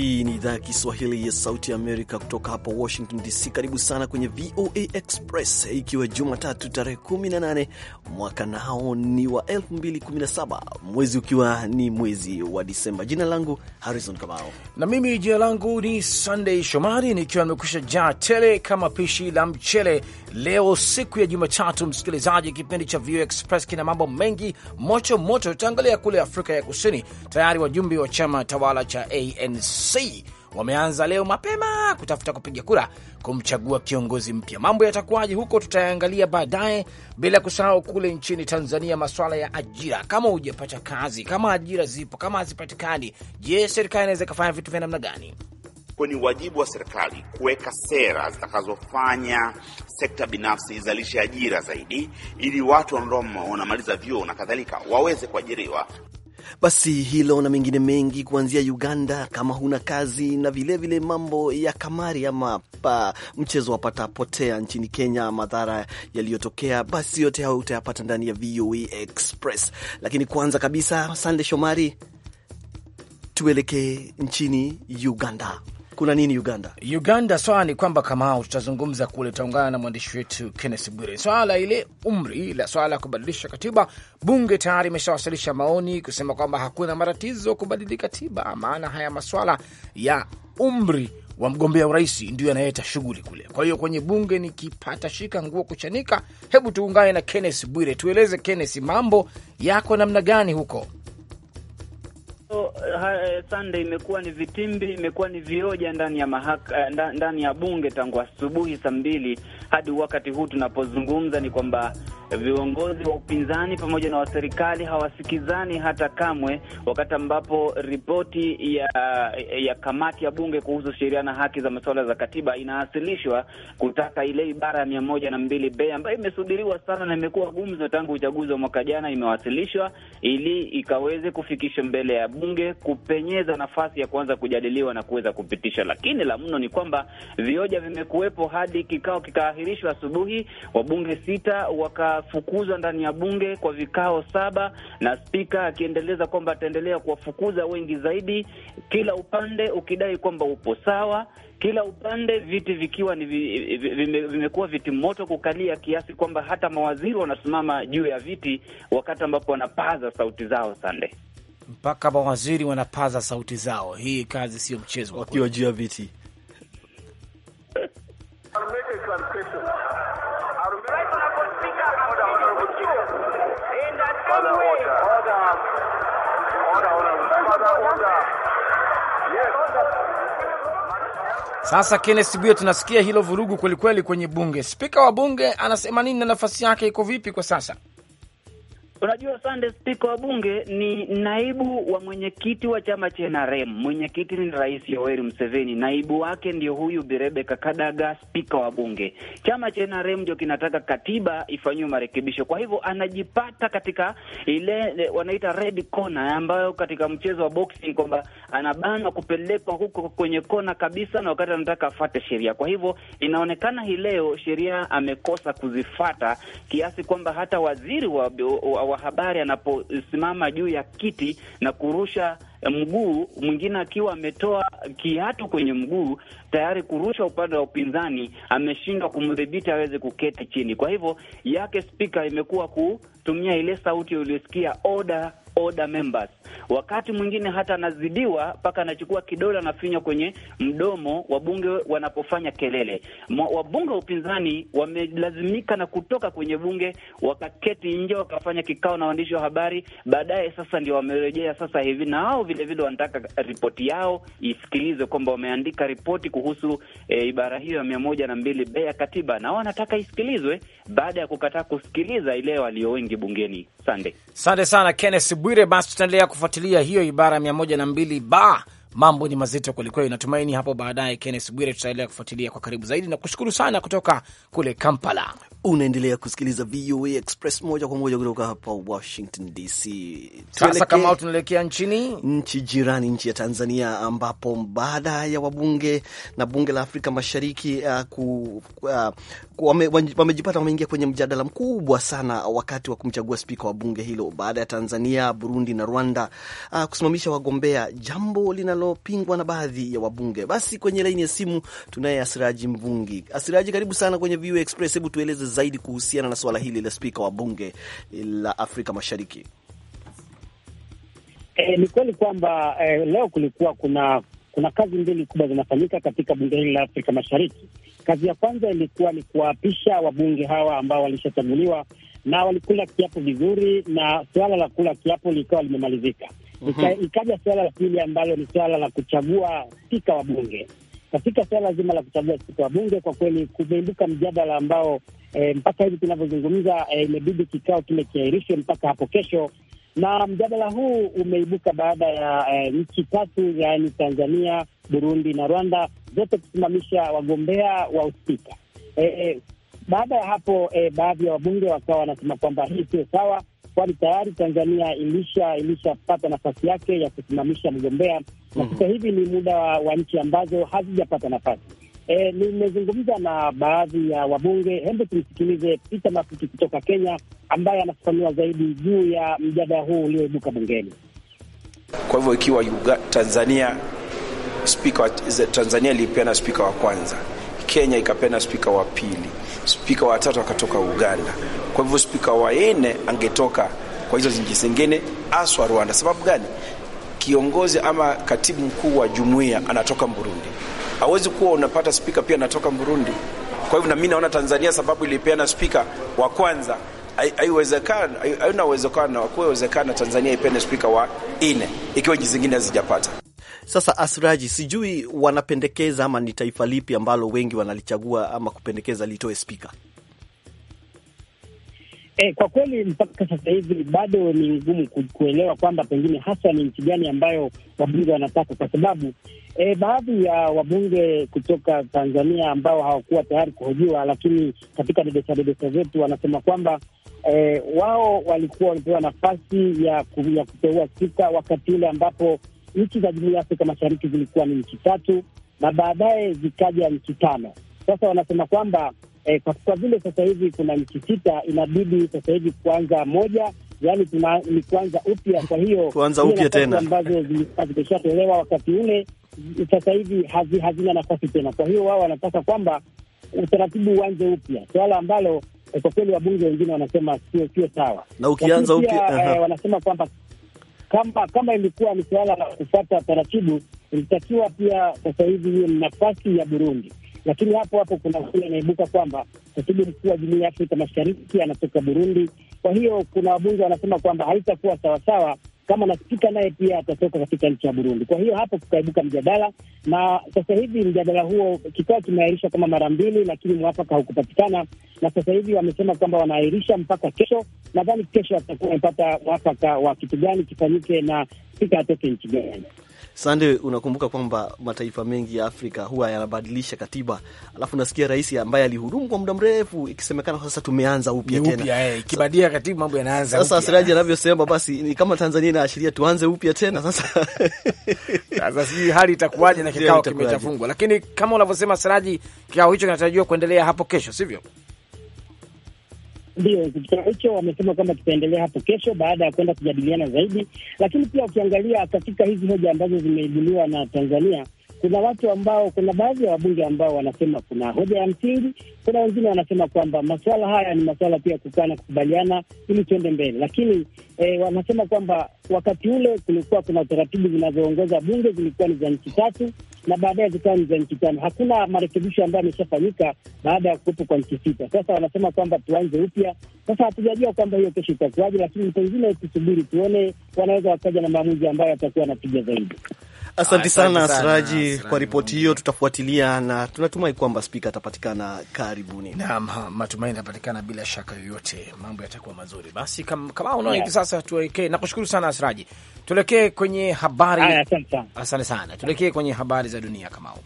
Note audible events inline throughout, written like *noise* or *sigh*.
Hii ni idhaa ya Kiswahili ya Sauti ya Amerika kutoka hapa Washington DC. Karibu sana kwenye VOA Express, ikiwa Jumatatu tarehe 18 mwaka nao ni wa 2017 mwezi ukiwa ni mwezi wa Disemba. Jina langu Harrison Kamao na mimi jina langu ni Sunday Shomari, nikiwa nimekusha jaa tele kama pishi la mchele leo siku ya Jumatatu. Msikilizaji, kipindi cha VOA Express kina mambo mengi moto moto. Tutaangalia kule Afrika ya Kusini, tayari wajumbe wa chama tawala cha ANC wameanza leo mapema kutafuta kupiga kura kumchagua kiongozi mpya. Mambo yatakuwaje huko tutayaangalia baadaye, bila kusahau kule nchini Tanzania maswala ya ajira. Kama hujapata kazi, kama ajira zipo, kama hazipatikani, je, serikali inaweza ikafanya vitu vya namna gani? Kwa ni wajibu wa serikali kuweka sera zitakazofanya sekta binafsi izalishe ajira zaidi, ili watu ambao wanamaliza vyuo na kadhalika waweze kuajiriwa. Basi hilo na mengine mengi kuanzia Uganda kama huna kazi, na vilevile vile mambo ya kamari ama pa, mchezo wapata potea nchini Kenya, madhara yaliyotokea. Basi yote hayo utayapata ndani ya VOA e Express, lakini kwanza kabisa, Sande Shomari, tuelekee nchini Uganda kuna nini Uganda? Uganda swala ni kwamba kama hao tutazungumza kule, tutaungana na mwandishi wetu Kenneth Bwire. Swala la ile umri la swala la kubadilisha katiba, bunge tayari imeshawasilisha maoni kusema kwamba hakuna matatizo kubadili katiba, maana haya maswala ya umri wa mgombea urais ndio yanaeta shughuli kule. Kwa hiyo kwenye bunge nikipata shika nguo kuchanika. Hebu tuungane na Kenneth Bwire, tueleze Kenneth, mambo yako namna gani huko? Eh, sande imekuwa ni vitimbi, imekuwa ni vioja ndani ya mahaka, eh, ndani ya bunge tangu asubuhi saa mbili hadi wakati huu tunapozungumza, ni kwamba Viongozi wa upinzani pamoja na waserikali hawasikizani hata kamwe, wakati ambapo ripoti ya, ya kamati ya bunge kuhusu sheria na haki za masuala za katiba inawasilishwa kutaka ile ibara ya mia moja na mbili b ambayo imesudiriwa sana na imekuwa gumzo tangu uchaguzi wa mwaka jana, imewasilishwa ili ikaweze kufikishwa mbele ya bunge kupenyeza nafasi ya kuanza kujadiliwa na kuweza kupitishwa. Lakini la mno ni kwamba vioja vimekuwepo hadi kikao kikaahirishwa asubuhi, wabunge sita waka atafukuzwa ndani ya bunge kwa vikao saba, na spika akiendeleza kwamba ataendelea kuwafukuza wengi zaidi, kila upande ukidai kwamba upo sawa kila upande viti vikiwa ni vimekuwa viti moto kukalia, kiasi kwamba hata mawaziri wanasimama juu ya viti wakati ambapo wanapaza sauti zao. Sande, mpaka mawaziri wanapaza sauti zao. Hii kazi sio mchezo, wakiwa juu ya viti. Sasa kennes Bwire, tunasikia hilo vurugu kwelikweli kwenye bunge. Spika wa bunge anasema nini na nafasi yake iko vipi kwa sasa? Unajua Sande, spika wa bunge ni naibu wa mwenyekiti wa chama cha NRM. Mwenyekiti ni Rais Yoweri Museveni, naibu wake ndio huyu Birebeka Kadaga, spika wa bunge. Chama cha NRM ndio kinataka katiba ifanyiwe marekebisho, kwa hivyo anajipata katika ile wanaita red corner, ambayo katika mchezo wa boxing kwamba anabanwa kupelekwa huko kwenye kona kabisa, na wakati anataka afate sheria. Kwa hivyo inaonekana hii leo sheria amekosa kuzifata kiasi kwamba hata waziri wa, wa wa habari anaposimama juu ya kiti na kurusha mguu mwingine akiwa ametoa kiatu kwenye mguu tayari kurusha upande wa upinzani, ameshindwa kumdhibiti aweze kuketi chini. Kwa hivyo yake spika imekuwa kutumia ile sauti uliosikia, order, order members Wakati mwingine hata anazidiwa mpaka anachukua kidole anafinya kwenye mdomo, wabunge wanapofanya kelele. Wabunge wa upinzani wamelazimika na kutoka kwenye bunge wakaketi nje, wakafanya kikao na waandishi wa habari. Baadaye sasa ndio wamerejea sasa hivi, na wao vilevile wanataka ripoti yao isikilizwe, kwamba wameandika ripoti kuhusu e, ibara hiyo ya mia moja na mbili be ya katiba, na wao wanataka isikilizwe baada ya kukataa kusikiliza ile walio wengi bungeni. Sande, sande sana Kenneth Bwire. Basi tutaendelea kufuatilia hiyo ibara mia moja na mbili ba Mambo ni mazito kwelikweli. Natumaini hapo baadaye, Kennes Bwire, tutaendelea kufuatilia kwa karibu zaidi, na kushukuru sana kutoka kule Kampala. Unaendelea kusikiliza VOA Express moja kwa moja kutoka hapa Washington DC. Sasa kama tunaelekea nchini nchi jirani, nchi ya Tanzania, ambapo baada ya wabunge na bunge la Afrika Mashariki uh, ku, uh, wamejipata wame wameingia kwenye mjadala mkubwa sana wakati wa kumchagua spika wa bunge hilo baada ya Tanzania, Burundi na Rwanda uh, kusimamisha wagombea, jambo linalo linalopingwa na baadhi ya wabunge. Basi kwenye laini ya simu tunaye Asiraji Mvungi. Asiraji, karibu sana kwenye VOA Express. Hebu tueleze zaidi kuhusiana na swala hili la spika wa bunge la Afrika Mashariki. E, ni kweli kwamba e, leo kulikuwa kuna kuna kazi mbili kubwa zinafanyika katika bunge hili la Afrika Mashariki. Kazi ya kwanza ilikuwa ni kuwaapisha wabunge hawa ambao walishachaguliwa na walikula kiapo vizuri, na suala la kula kiapo likawa limemalizika. -hmm. Ikaja suala la pili ambalo ni suala la kuchagua spika wa bunge. Katika suala zima la kuchagua spika wa bunge, kwa kweli kumeibuka mjadala ambao e, mpaka hivi tunavyozungumza eh, imebidi e, kikao kile kiairishwe mpaka hapo kesho, na mjadala huu umeibuka baada ya e, nchi tatu yaani Tanzania, Burundi na Rwanda zote kusimamisha wagombea wa uspika. E, e, baada ya hapo e, baadhi ya wabunge wakawa wanasema kwamba hii sio sawa kwani tayari Tanzania ilishapata nafasi yake ya kusimamisha mgombea na sasa hivi ni muda wa nchi ambazo hazijapata nafasi. E, nimezungumza na baadhi ya wabunge. Hebu tumsikilize Peter mafuki kutoka Kenya ambaye anafafanua zaidi juu ya mjadala huu ulioibuka bungeni. Kwa hivyo ikiwa Tanzania spika Tanzania ilipeana spika wa kwanza Kenya ikapenda spika wa pili, spika wa tatu akatoka Uganda. Kwa hivyo spika wa nne angetoka kwa hizo nchi zingine, aswa Rwanda. Sababu gani? Kiongozi ama katibu mkuu wa jumuiya anatoka Burundi, hawezi kuwa unapata spika pia anatoka Burundi. Kwa hivyo nami naona Tanzania sababu ilipeana spika wa kwanza haiwezekana, haina uwezekano, kuwezekana Tanzania ipende spika wa nne ikiwa nchi zingine hazijapata. Sasa Asraji, sijui wanapendekeza ama ni taifa lipi ambalo wengi wanalichagua ama kupendekeza litoe spika? E, kwa kweli mpaka sasa hivi bado ni ngumu kuelewa kwamba pengine hasa ni nchi gani ambayo wabunge wanataka, kwa sababu e, baadhi ya wabunge kutoka Tanzania ambao hawakuwa tayari kuhojiwa, lakini katika dedesa dedesa zetu wanasema kwamba e, wao walikuwa walipewa nafasi ya, ya kuteua spika wakati ule ambapo nchi za jumuiya ya Afrika Mashariki zilikuwa ni nchi tatu na baadaye zikaja nchi tano. Sasa wanasema kwamba eh, kwa vile sasa hivi kuna nchi sita, inabidi sasa hivi kuanza moja, yani ni kuanza upya. Kwa hiyo *laughs* kuanza upya tena ambazo zilikuwa zimeshatolewa wakati ule sasa hivi hazina hazi nafasi tena. Kwa hiyo wao wanataka kwamba utaratibu uanze upya, suala ambalo eh, kwa kweli wabunge wengine wanasema sio sio sawa, na ukianza upya uh -huh. eh, wanasema kwamba kama kama ilikuwa ni suala la kufata taratibu, ilitakiwa pia sasa hivi hiyo ni nafasi ya Burundi. Lakini hapo hapo kuna hula inaibuka kwamba katibu mkuu wa jumuiya ya Afrika Mashariki anatoka Burundi. Kwa hiyo kuna wabunge wanasema kwamba haitakuwa sawasawa kama na spika naye pia atatoka katika nchi ya Burundi. Kwa hiyo hapo kukaibuka mjadala, na sasa hivi mjadala huo kikao kimeairishwa kama mara mbili, lakini mwafaka haukupatikana, na sasa hivi wamesema kwamba wanaahirisha mpaka kesho. Nadhani kesho watakuwa wamepata mwafaka wa kitu gani kifanyike na spika atoke nchi gani. Sande, unakumbuka kwamba mataifa mengi ya Afrika huwa yanabadilisha katiba, alafu nasikia rais ambaye alihudumu kwa muda mrefu, ikisemekana sasa tumeanza upya tena. Eh, ikibadia katiba, mambo yanaanza Sasa Siraji anavyosema, basi ni kama Tanzania inaashiria tuanze upya tena sasa. *laughs* Sasa hali itakuwaje na kikao kimechafungwa, lakini kama unavyosema Siraji, kikao hicho kinatarajiwa kuendelea hapo kesho, sivyo? Ndio, kikutano hicho wamesema kwamba tutaendelea hapo kesho baada ya kwenda kujadiliana zaidi, lakini pia ukiangalia katika hizi hoja ambazo zimeibuliwa na Tanzania kuna watu ambao, kuna baadhi ya wabunge ambao wanasema kuna hoja ya msingi, kuna wengine wanasema kwamba masuala haya ni masuala pia kukaa na kukubaliana ili tuende mbele, lakini eh, wanasema kwamba wakati ule kulikuwa kuna taratibu zinazoongoza bunge zilikuwa ni za nchi tatu na baadaye zikawa ni za nchi tano. Hakuna marekebisho ambayo ameshafanyika baada ya kuwepo kwa nchi sita. Sasa wanasema kwamba tuanze upya. Sasa hatujajua kwamba hiyo kesho itakuwaje, lakini pengine tusubiri tuone, wanaweza wakaja na maamuzi ambayo yatakuwa na tija zaidi. Asante sana asraji kwa ripoti hiyo, tutafuatilia na tunatumai kwamba spika atapatikana karibuni. Naam, matumaini atapatikana bila shaka yoyote, mambo yatakuwa mazuri. Basi kama kama unaona hivi sasa, tuelekee. Nakushukuru sana asraji tuelekee kwenye habari. Asante sana, tuelekee kwenye habari za dunia, Kamau.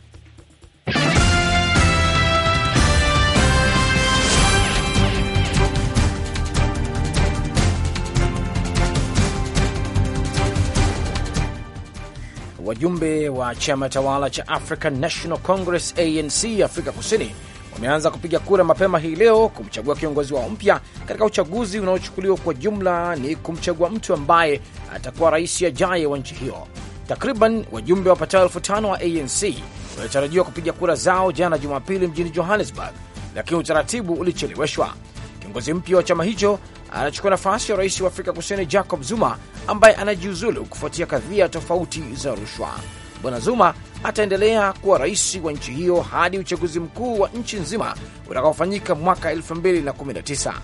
wajumbe wa chama tawala cha African National Congress ANC Afrika Kusini wameanza kupiga kura mapema hii leo kumchagua kiongozi wao mpya katika uchaguzi unaochukuliwa kwa jumla ni kumchagua mtu ambaye atakuwa rais ajaye wa nchi hiyo. Takriban wajumbe wapatao elfu tano wa ANC walitarajiwa kupiga kura zao jana Jumapili mjini Johannesburg, lakini utaratibu ulicheleweshwa. Kiongozi mpya wa chama hicho anachukua nafasi ya rais wa Afrika Kusini Jacob Zuma ambaye anajiuzulu kufuatia kadhia tofauti za rushwa. Bwana Zuma ataendelea kuwa rais wa nchi hiyo hadi uchaguzi mkuu wa nchi nzima utakaofanyika mwaka 2019.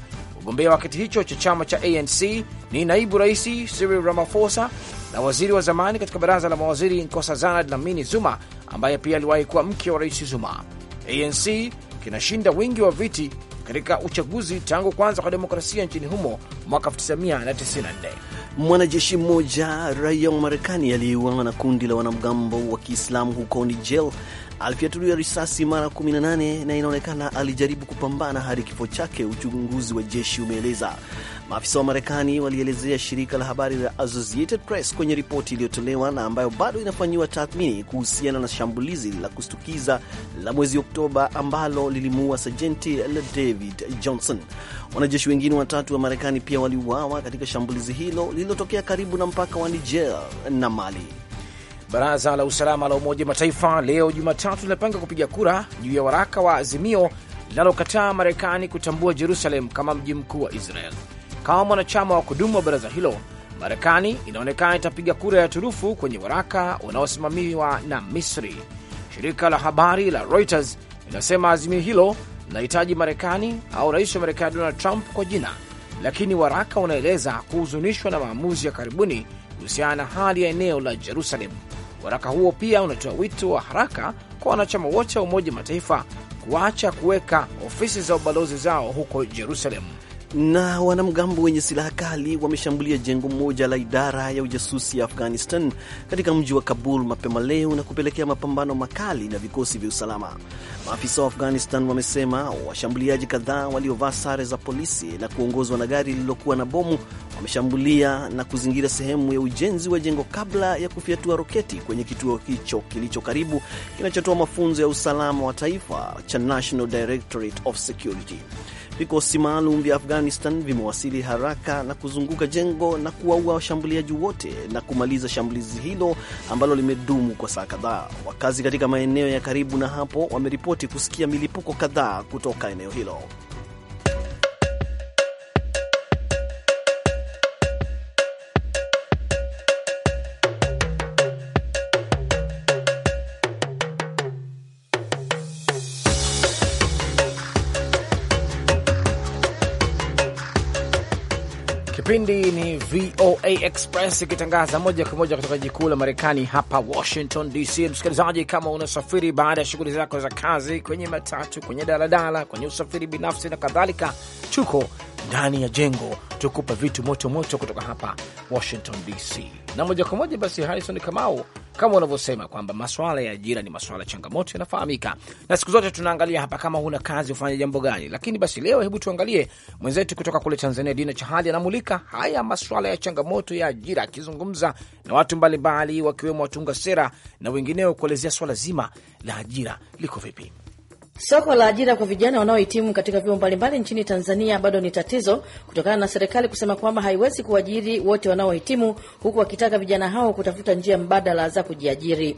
Mgombea wa kiti hicho cha chama cha ANC ni naibu rais Cyril Ramaphosa na waziri wa zamani katika baraza la mawaziri Nkosazana Dlamini Zuma ambaye pia aliwahi kuwa mke wa rais Zuma. ANC kinashinda wingi wa viti katika uchaguzi tangu kwanza kwa demokrasia nchini humo mwaka 1994. Mwanajeshi mmoja raia wa Marekani aliyeuawa na kundi la wanamgambo wa Kiislamu huko Niger alifyatuliwa risasi mara 18 na inaonekana alijaribu kupambana hadi kifo chake, uchunguzi wa jeshi umeeleza. Maafisa wa Marekani walielezea shirika la habari la Associated Press kwenye ripoti iliyotolewa na ambayo bado inafanyiwa tathmini kuhusiana na shambulizi la kustukiza la mwezi Oktoba ambalo lilimuua sajenti la David Johnson. Wanajeshi wengine watatu wa Marekani pia waliuawa katika shambulizi hilo lililotokea karibu na mpaka wa Niger na Mali. Baraza la usalama la Umoja Mataifa leo Jumatatu linapanga kupiga kura juu ya waraka wa azimio linalokataa Marekani kutambua Jerusalem kama mji mkuu wa Israel. Kama mwanachama wa kudumu wa baraza hilo, Marekani inaonekana itapiga kura ya turufu kwenye waraka unaosimamiwa na Misri. Shirika la habari la Reuters linasema azimio hilo linahitaji Marekani au rais wa Marekani Donald Trump kwa jina, lakini waraka unaeleza kuhuzunishwa na maamuzi ya karibuni kuhusiana na hali ya eneo la Jerusalem. Waraka huo pia unatoa wito wa haraka kwa wanachama wote wa Umoja Mataifa kuacha kuweka ofisi za ubalozi zao huko Jerusalem. Na wanamgambo wenye silaha kali wameshambulia jengo moja la idara ya ujasusi ya Afghanistan katika mji wa Kabul mapema leo na kupelekea mapambano makali na vikosi vya usalama. Maafisa wa Afghanistan wamesema washambuliaji kadhaa waliovaa sare za polisi na kuongozwa na gari lililokuwa na bomu wameshambulia na kuzingira sehemu ya ujenzi wa jengo kabla ya kufyatua roketi kwenye kituo hicho kilicho karibu kinachotoa mafunzo ya usalama wa taifa cha National Directorate of Security. Vikosi maalum vya Afghanistan vimewasili haraka na kuzunguka jengo na kuwaua washambuliaji wote na kumaliza shambulizi hilo ambalo limedumu kwa saa kadhaa. Wakazi katika maeneo ya karibu na hapo wameripoti kusikia milipuko kadhaa kutoka eneo hilo. Kipindi ni VOA Express ikitangaza moja kwa moja kutoka jikuu la Marekani hapa Washington DC. Msikilizaji, kama unasafiri baada ya shughuli zako za kazi, kwenye matatu, kwenye daladala, kwenye usafiri binafsi na kadhalika, tuko ndani ya jengo tukupa vitu moto moto kutoka hapa Washington DC, na moja kwa moja basi, Harrison Kamau kama unavyosema kwamba maswala ya ajira ni maswala changamoto, yanafahamika na siku zote tunaangalia hapa, kama huna kazi ufanye jambo gani? Lakini basi leo, hebu tuangalie mwenzetu kutoka kule Tanzania, Dina Chahali anamulika haya maswala ya changamoto ya ajira, akizungumza na watu mbalimbali, wakiwemo watunga sera na wengineo, kuelezea swala zima la ajira liko vipi. Soko la ajira kwa vijana wanaohitimu katika vyuo mbalimbali nchini Tanzania bado ni tatizo kutokana na serikali kusema kwamba haiwezi kuajiri wote wanaohitimu, huku wakitaka vijana hao kutafuta njia mbadala za kujiajiri.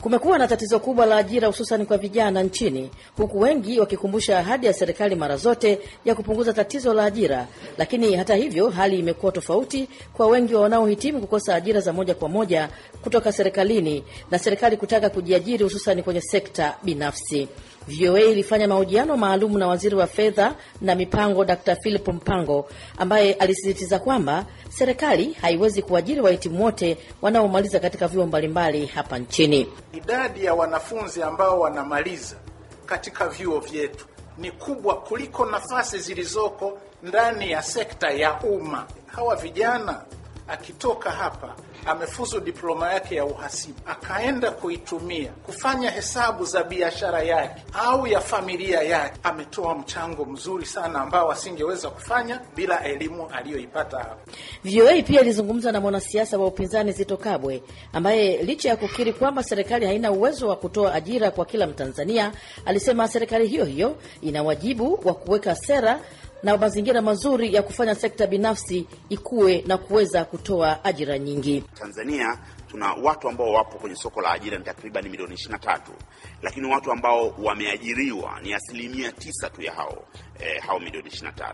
Kumekuwa na tatizo kubwa la ajira hususan kwa vijana nchini, huku wengi wakikumbusha ahadi ya serikali mara zote ya kupunguza tatizo la ajira. Lakini hata hivyo, hali imekuwa tofauti kwa wengi wanaohitimu kukosa ajira za moja kwa moja kutoka serikalini na serikali kutaka kujiajiri hususan kwenye sekta binafsi. VOA ilifanya mahojiano maalum na waziri wa fedha na mipango Dr. Philip Mpango ambaye alisisitiza kwamba serikali haiwezi kuajiri wahitimu wote wanaomaliza katika vyuo mbalimbali hapa nchini. Idadi ya wanafunzi ambao wanamaliza katika vyuo vyetu ni kubwa kuliko nafasi zilizoko ndani ya sekta ya umma. Hawa vijana akitoka hapa amefuzu diploma yake ya uhasibu, akaenda kuitumia kufanya hesabu za biashara yake au ya familia yake, ametoa mchango mzuri sana ambao asingeweza kufanya bila elimu aliyoipata hapa VOA pia ilizungumza na mwanasiasa wa upinzani Zito Kabwe ambaye licha ya kukiri kwamba serikali haina uwezo wa kutoa ajira kwa kila Mtanzania, alisema serikali hiyo hiyo ina wajibu wa kuweka sera na mazingira mazuri ya kufanya sekta binafsi ikuwe na kuweza kutoa ajira nyingi. Tanzania tuna watu ambao wapo kwenye soko la ajira ni takriban milioni 23, lakini watu ambao wameajiriwa ni asilimia tisa tu ya hao eh, hao milioni 23.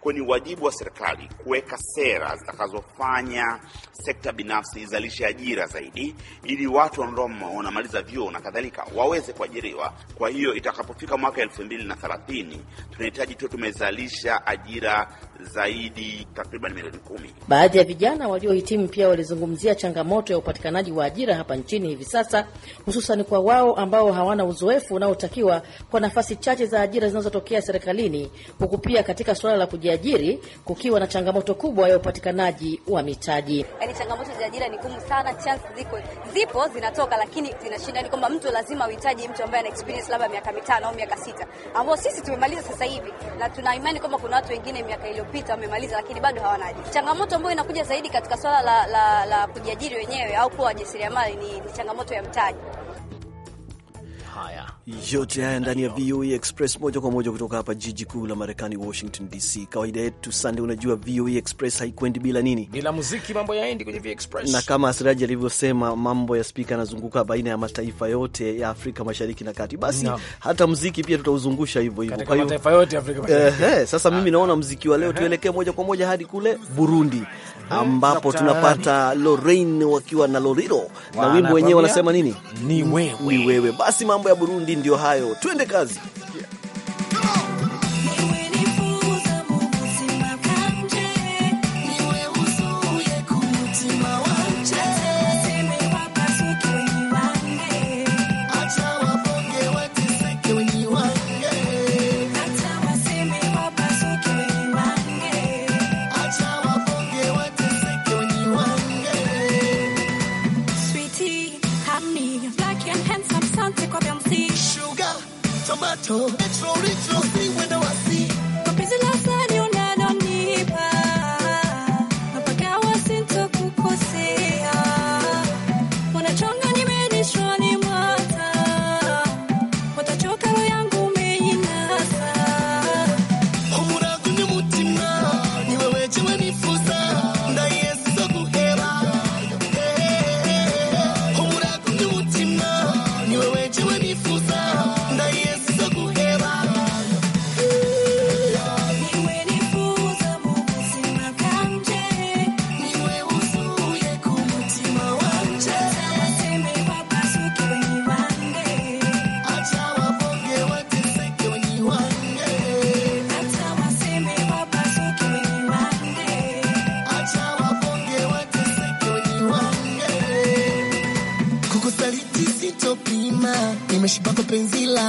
Kwa ni wajibu wa serikali kuweka sera zitakazofanya sekta binafsi izalishe ajira zaidi, ili watu ambao wanamaliza vyuo na kadhalika waweze kuajiriwa. Kwa hiyo itakapofika mwaka 2030 tunahitaji tu tumezalisha ajira zaidi takriban milioni kumi. Baadhi ya vijana waliohitimu pia walizungumzia changamoto ya upatikanaji wa ajira hapa nchini hivi sasa, hususan kwa wao ambao hawana uzoefu unaotakiwa kwa nafasi chache za ajira zinazotokea serikalini huku pia katika suala la kujiajiri kukiwa na changamoto kubwa ya upatikanaji wa mitaji. Yaani changamoto za ajira ni ngumu sana, chance ziko zipo zinatoka, lakini zinashinda. Ni yaani kwamba mtu lazima uhitaji mtu ambaye ana experience labda miaka mitano au miaka sita, ambao sisi tumemaliza sasa hivi, na tuna imani kwamba kuna watu wengine miaka iliyopita wamemaliza, lakini bado hawana ajira. Changamoto ambayo inakuja zaidi katika swala la, la, la kujiajiri wenyewe au kuwa wajasiriamali ni, ni changamoto ya mtaji yote haya ndani ya VOA e Express moja kwa moja kutoka hapa jiji kuu la Marekani, Washington DC. Kawaida yetu Sande, unajua VOA e Express haikwendi bila nini? Bila muziki mambo yaendi kwenye VOA e Express. Na kama Asiraji alivyosema, mambo ya spika yanazunguka baina ya mataifa yote ya Afrika Mashariki na Kati, basi no. hata mziki pia tutauzungusha hivyo hivyo kwa mataifa yote ya Afrika Mashariki. Eh, sasa mimi naona mziki wa leo tuelekee moja kwa moja hadi kule Burundi ambapo tunapata Lorraine wakiwa na Lorilo na wimbo wenyewe wanasema nini? Ni wewe. Ni wewe. Basi mambo ya Burundi ndio hayo, twende kazi.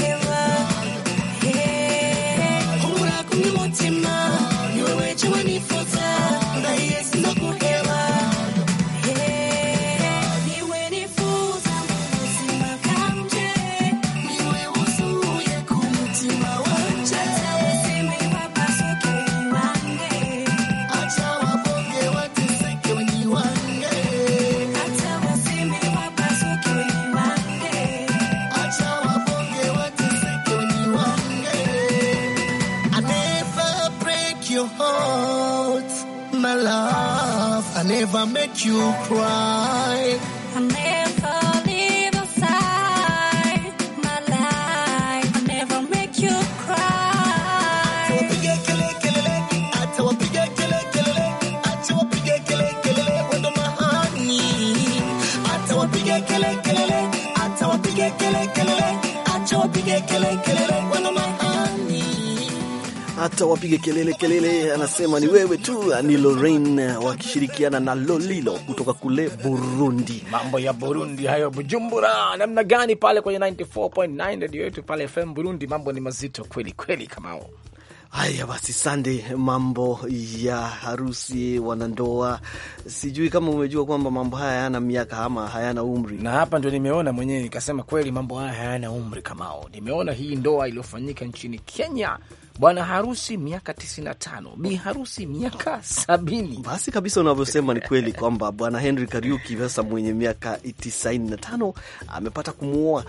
You. to cry. I never leave your side, my life. I never make you cry. Atawapiga kelele kelele, wendo mahani. Atawapiga kelele kelele, atawapiga kelele kelele, atawapiga kelele kelele, wendo mahani. hata wapige kelele kelele, anasema ni wewe tu. Ni Lorraine wakishirikiana na Lolilo kutoka kule Burundi. Mambo ya Burundi hayo, Bujumbura namna gani pale kwenye 94.9 radio yetu pale FM Burundi, mambo ni mazito kweli kweli, Kamao. Haya basi, sande. Mambo ya harusi, wanandoa, sijui kama umejua kwamba mambo haya hayana miaka ama hayana umri. Na hapa ndio nimeona mwenyewe nikasema kweli, mambo haya hayana umri. Kamao nimeona hii ndoa iliyofanyika nchini Kenya, bwana harusi miaka 95, bi harusi miaka sabini. Basi kabisa unavyosema ni kweli kwamba bwana Henry Kariuki sasa mwenye miaka 95 amepata kumwoa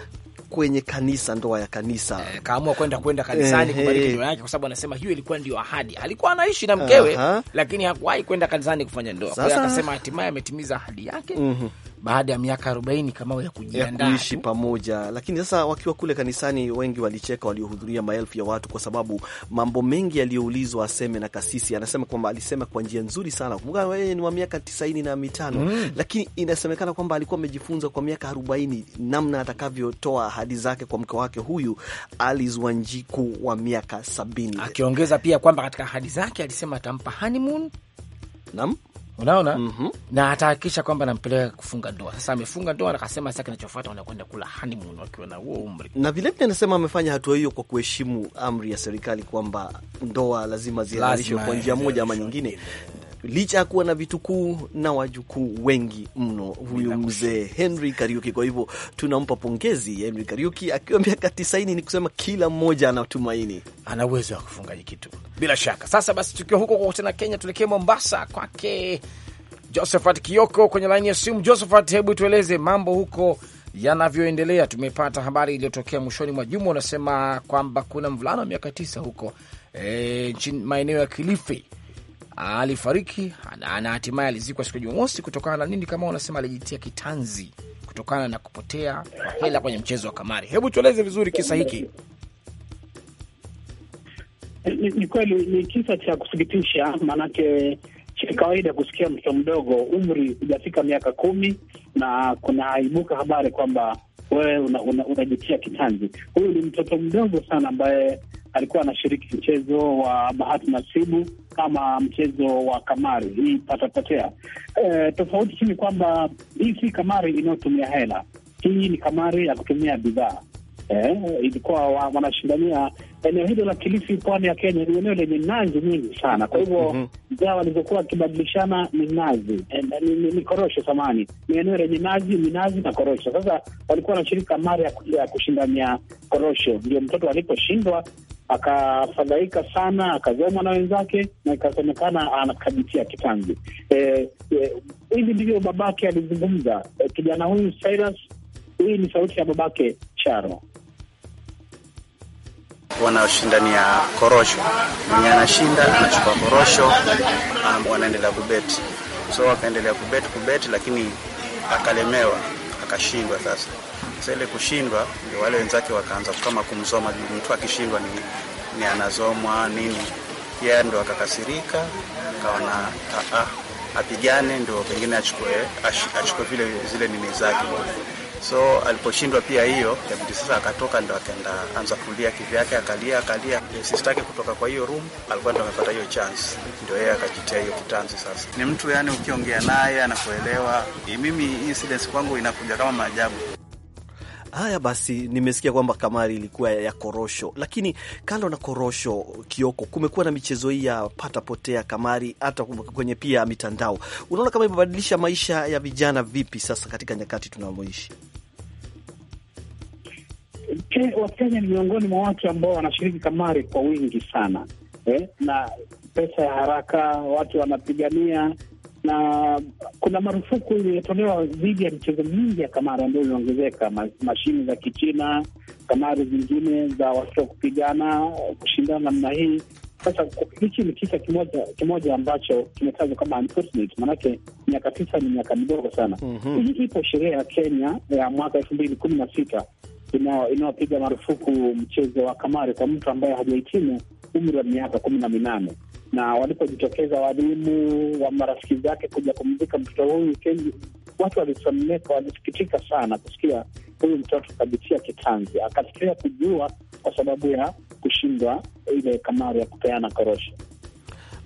kwenye kanisa, ndoa ya kanisa. E, kaamua kwenda kwenda kanisani e, kubariki ndoa yake, kwa sababu anasema hiyo ilikuwa ndio ahadi. Alikuwa anaishi na mkewe, lakini hakuwahi kwenda kanisani kufanya ndoa. Kwa hiyo akasema hatimaye ametimiza ahadi yake. mm -hmm baada ya miaka 40 kama ya kujiandaa kuishi pamoja. Lakini sasa wakiwa kule kanisani, wengi walicheka waliohudhuria, maelfu ya watu, kwa sababu mambo mengi yaliyoulizwa aseme na kasisi, anasema kwamba alisema kwa njia nzuri sana. Kumbuka yeye ni wa miaka tisaini na mitano mm. Lakini inasemekana kwamba alikuwa amejifunza kwa miaka 40 namna atakavyotoa ahadi zake kwa mke wake huyu Alice Wanjiku wa miaka sabini, akiongeza pia kwamba katika ahadi zake alisema atampa honeymoon nam unaona mm -hmm. na atahakikisha kwamba anampeleka kufunga ndoa. Sasa amefunga ndoa, akasema sasa kinachofuata anakwenda kula honeymoon wakiwa na huo umri, na vilevile anasema amefanya hatua hiyo kwa kuheshimu amri ya serikali kwamba ndoa lazima zihalalishwe kwa njia moja ama nyingine licha ya kuwa na vitukuu na wajukuu wengi mno huyu mzee Henry Kariuki. Kwa hivyo tunampa pongezi Henry Kariuki akiwa miaka tisaini, ni kusema kila mmoja anatumaini ana uwezo wa kufunga kitu bila shaka. Sasa basi, tukiwa huko kwa tena Kenya, tuelekee Mombasa kwake Josephat Kioko kwenye laini ya simu. Josephat, hebu tueleze mambo huko yanavyoendelea. Tumepata habari iliyotokea mwishoni mwa juma, unasema kwamba kuna mvulano wa miaka tisa huko e, maeneo ya Kilifi alifariki na hatimaye alizikwa siku ya Jumamosi. Kutokana na nini? Kama unasema alijitia kitanzi kutokana na kupotea kwa hela kwenye mchezo wa kamari. Hebu tueleze vizuri kisa hiki. Ni kweli ni kisa cha kusikitisha, maanake si kawaida kusikia mtoto mdogo umri hujafika miaka kumi na kunaibuka habari kwamba wewe unajitia una, una kitanzi. Huyu ni mtoto mdogo sana ambaye alikuwa anashiriki mchezo wa bahati nasibu kama mchezo wa kamari hii patapotea. E, tofauti hii ni kwamba hii si kamari inayotumia hela, hii ni kamari ya kutumia bidhaa. E, ilikuwa wa, wanashindania eneo hilo la Kilifi, pwani ya Kenya. Ni eneo lenye nazi nyingi sana, kwa hivyo mm -hmm. bidhaa walizokuwa wakibadilishana ni nazi e, ni, ni, ni korosho samani. Ni eneo lenye nazi, minazi na korosho. Sasa walikuwa wanashiriki kamari ya, ya kushindania korosho, ndio mtoto aliposhindwa akafadhaika sana, akazomwa na wenzake na ikasemekana anakabitia kitanzi. E, e, hivi ndivyo babake alizungumza. E, kijana huyu Cyrus, hii ni sauti ya babake Charo wanaoshindania korosho, mwenye anashinda anachukua korosho, wanaendelea kubeti, so wakaendelea kubeti kubeti, lakini akalemewa akashindwa. Sasa sasa ile kushindwa ndio wale wenzake wakaanza kama kumzoma, mtu akishindwa ni, ni anazomwa nini, yeye ndo akakasirika, akaona ah, apigane, ndo pengine achukue achukue vile zile nini zake So aliposhindwa pia hiyo, kabidi sasa akatoka, ndo akaenda anza kulia kivyake, akalia akalia, eh, sistaki kutoka kwa hiyo room. Alikuwa ndo amepata hiyo chance, ndio yeye akajitia hiyo kitanzi. Sasa ni mtu yani, ukiongea naye anakuelewa. Mimi incidence kwangu inakuja kama maajabu. Haya basi, nimesikia kwamba kamari ilikuwa ya korosho, lakini kando na korosho, Kioko, kumekuwa na michezo hii ya pata potea, kamari, hata kwenye pia mitandao. Unaona kama imebadilisha maisha ya vijana vipi sasa katika nyakati tunamoishi? Wakenya ni miongoni mwa watu ambao wanashiriki kamari kwa wingi sana eh, na pesa ya haraka watu wanapigania, na kuna marufuku iliyotolewa dhidi ya michezo mingi ya kamari ambayo imeongezeka, mashine za Kichina, kamari zingine za watu wa kupigana, kushindana namna hii. Sasa hichi ni kisa kimoja kimoja ambacho kimetajwa kama unfortunate, maanake miaka tisa ni miaka midogo sana. mm -hmm. Hii ipo sheria ya Kenya ya mwaka elfu mbili kumi na sita inayopiga marufuku mchezo wa kamari kwa mtu ambaye hajahitimu umri wa miaka kumi na minane na walipojitokeza walimu wa marafiki zake kuja kumzika mtoto huyu, watu walisomeka, walisikitika sana kusikia huyu mtoto kabitia kitanzi, akasikia kujua kwa sababu ya kushindwa ile kamari ya kupeana korosho.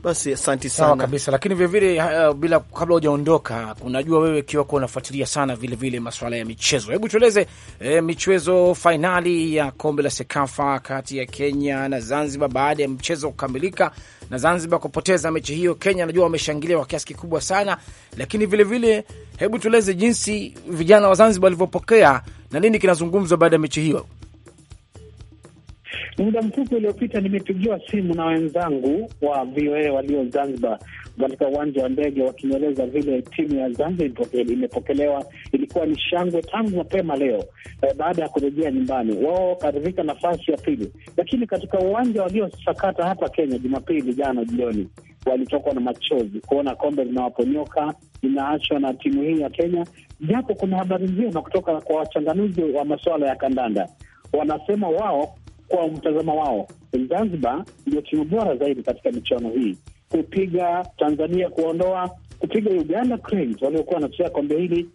Basi asanti sana. Sawa kabisa, lakini vilevile uh, eh, bila kabla hujaondoka, unajua wewe kiwako unafuatilia sana vilevile masuala ya michezo. Hebu tueleze eh, michezo fainali ya kombe la Sekafa kati ya Kenya na Zanzibar, baada ya mchezo kukamilika na Zanzibar kupoteza mechi hiyo, Kenya najua wameshangilia kwa kiasi kikubwa sana, lakini vilevile vile, hebu tueleze jinsi vijana wa Zanzibar walivyopokea na nini kinazungumzwa baada ya mechi hiyo. Muda mfupi uliopita nimepigiwa simu na wenzangu wa VOA walio Zanzibar katika uwanja wa ndege wakinieleza vile timu ya Zanzibar imepokelewa. Ilikuwa ni shangwe tangu mapema leo eh, baada ya kurejea nyumbani, wao wakaridhika nafasi ya pili, lakini katika uwanja waliosakata hapa Kenya Jumapili jana jioni walitokwa na machozi kuona kombe linawaponyoka linaachwa na timu hii ya Kenya, japo kuna habari njema kutoka kwa wachanganuzi wa masuala ya kandanda wanasema wao kwa mtazamo wao, Zanzibar ndio timu bora zaidi katika michuano hii, kupiga Tanzania, kuondoa kupiga Uganda Cranes waliokuwa wanachea kombe hili,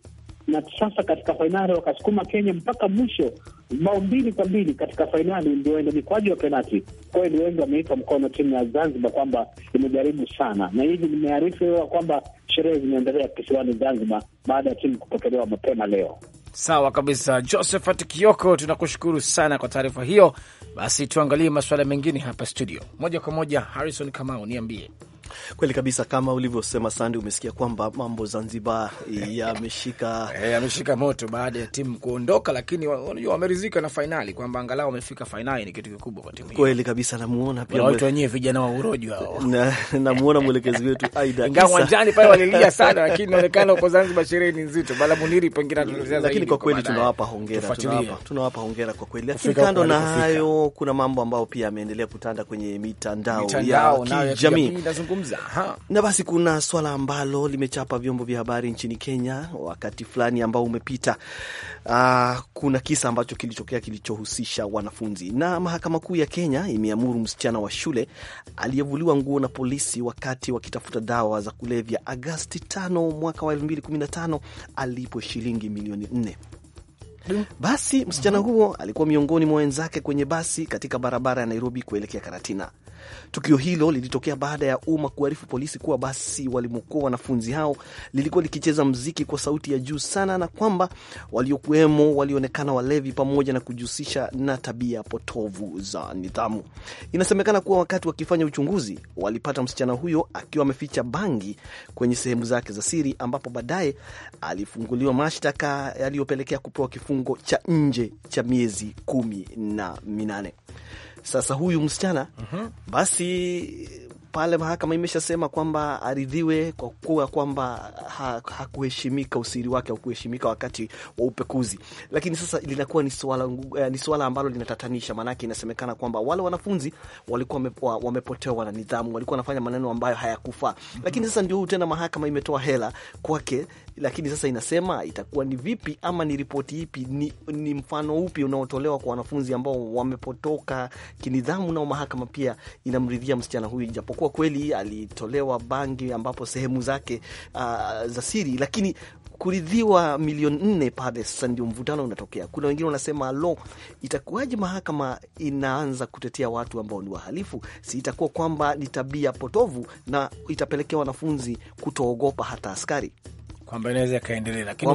na sasa katika fainali wakasukuma Kenya mpaka mwisho, bao mbili kwa mbili katika fainali ndioenda mikwaji wa penati. Kweli wengi wameipa mkono timu ya Zanzibar kwamba imejaribu sana, na hivi nimearifiwa kwamba sherehe zinaendelea kisiwani Zanzibar baada ya timu kupokelewa mapema leo. Sawa kabisa, Josephat Kioko, tunakushukuru sana kwa taarifa hiyo. Basi tuangalie masuala mengine hapa studio moja kwa moja. Harrison Kamau, niambie Kweli kabisa, kama ulivyosema Sandi, umesikia kwamba mambo Zanzibar *laughs* yameshika eh, yameshika moto baada ya timu kuondoka, lakini unajua wameridhika na fainali kwamba angalau wamefika fainali, ni kitu kikubwa kwa timu. Kweli kabisa, namuona pia watu wenyewe vijana wa urojo hao, *laughs* namuona mwelekezi wetu *laughs* Aida, ingawa wanjani pale walilia sana, lakini inaonekana uko Zanzibar sherehe ni nzito, bala muniri pengine tunaelezea zaidi, lakini kwa kweli tunawapa hongera, tunawapa tunawapa hongera kwa kweli. Lakini kando na hayo, kuna mambo ambayo pia yameendelea kutanda kwenye mitandao ya kijamii tunazungumza. Na basi kuna swala ambalo limechapa vyombo vya habari nchini Kenya wakati fulani ambao umepita. Uh, kuna kisa ambacho kilitokea kilichohusisha wanafunzi, na mahakama kuu ya Kenya imeamuru msichana wa shule aliyevuliwa nguo na polisi wakati wakitafuta dawa za kulevya Agasti 5 mwaka wa 2015 alipwe shilingi milioni 4. Basi msichana mhm. huo alikuwa miongoni mwa wenzake kwenye basi katika barabara ya Nairobi kuelekea Karatina. Tukio hilo lilitokea baada ya umma kuarifu polisi kuwa basi walimokuwa wanafunzi hao lilikuwa likicheza mziki kwa sauti ya juu sana, na kwamba waliokuwemo walionekana walevi pamoja na kujihusisha na tabia potovu za nidhamu. Inasemekana kuwa wakati wakifanya uchunguzi walipata msichana huyo akiwa ameficha bangi kwenye sehemu zake za siri, ambapo baadaye alifunguliwa mashtaka yaliyopelekea kupewa kifungo cha nje cha miezi kumi na minane. Sasa huyu msichana mhm. basi pale mahakama imeshasema kwamba aridhiwe kwa kuwa kwamba hakuheshimika ha usiri wake haukuheshimika wakati wa upekuzi, lakini sasa linakuwa ni swala eh, ni swala ambalo linatatanisha, maanake inasemekana kwamba wale wanafunzi walikuwa wamepotewa na nidhamu, walikuwa wanafanya maneno ambayo hayakufaa. Lakini sasa ndio tena mahakama imetoa hela kwake, lakini sasa inasema itakuwa ni vipi ama ni ripoti ipi, ni, ni mfano upi unaotolewa kwa wanafunzi ambao wamepotoka kinidhamu, nao mahakama pia inamridhia msichana huyu ijapokuwa kwa kweli alitolewa bangi ambapo sehemu zake uh, za siri, lakini kuridhiwa milioni nne pale. Sasa ndio mvutano unatokea. Kuna wengine wanasema lo, itakuwaje mahakama inaanza kutetea watu ambao ni wahalifu? Si itakuwa kwamba ni tabia potovu na itapelekea wanafunzi kutoogopa hata askari? kwamba inaweza ikaendelea, lakini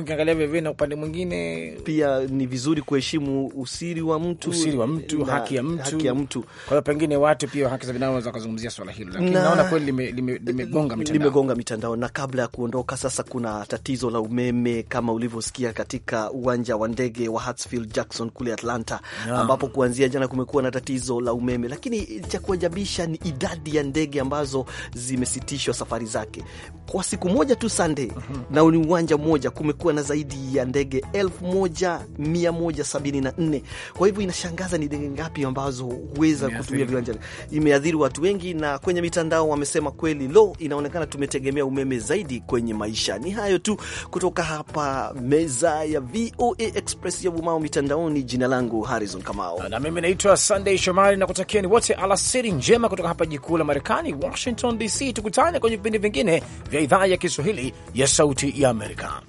ukiangalia vivyo na upande mwingine pia ni vizuri kuheshimu usiri wa mtu, usiri wa mtu, haki ya mtu, haki ya mtu. Kwa hiyo pengine watu pia haki za binadamu wanaweza kuzungumzia swala hilo, lakini na, naona kweli limegonga mitandao, limegonga mitandao. Na kabla ya kuondoka sasa, kuna tatizo la umeme kama ulivyosikia katika uwanja wa ndege wa Hartsfield Jackson kule Atlanta, na, ambapo kuanzia jana kumekuwa na tatizo la umeme, lakini cha kuajabisha ni idadi ya ndege ambazo zimesitishwa safari zake kwa siku moja moja tu sande uh mhm. -huh. na ni uwanja mmoja, kumekuwa na zaidi ya ndege 1174 kwa hivyo inashangaza ni ndege ngapi ambazo huweza kutumia viwanja. Imeathiri watu wengi, na kwenye mitandao wamesema kweli, lo, inaonekana tumetegemea umeme zaidi kwenye maisha. Ni hayo tu kutoka hapa meza ya VOA Express ya Bumao mitandaoni. Jina langu Harrison Kamao, na mimi naitwa Sunday Shomari, na kutakia ni wote alasiri njema kutoka hapa jikuu la Marekani, Washington DC. Tukutane kwenye vipindi vingine vya idhaa ya Kiswahili. Kiswahili ya Sauti ya Amerika.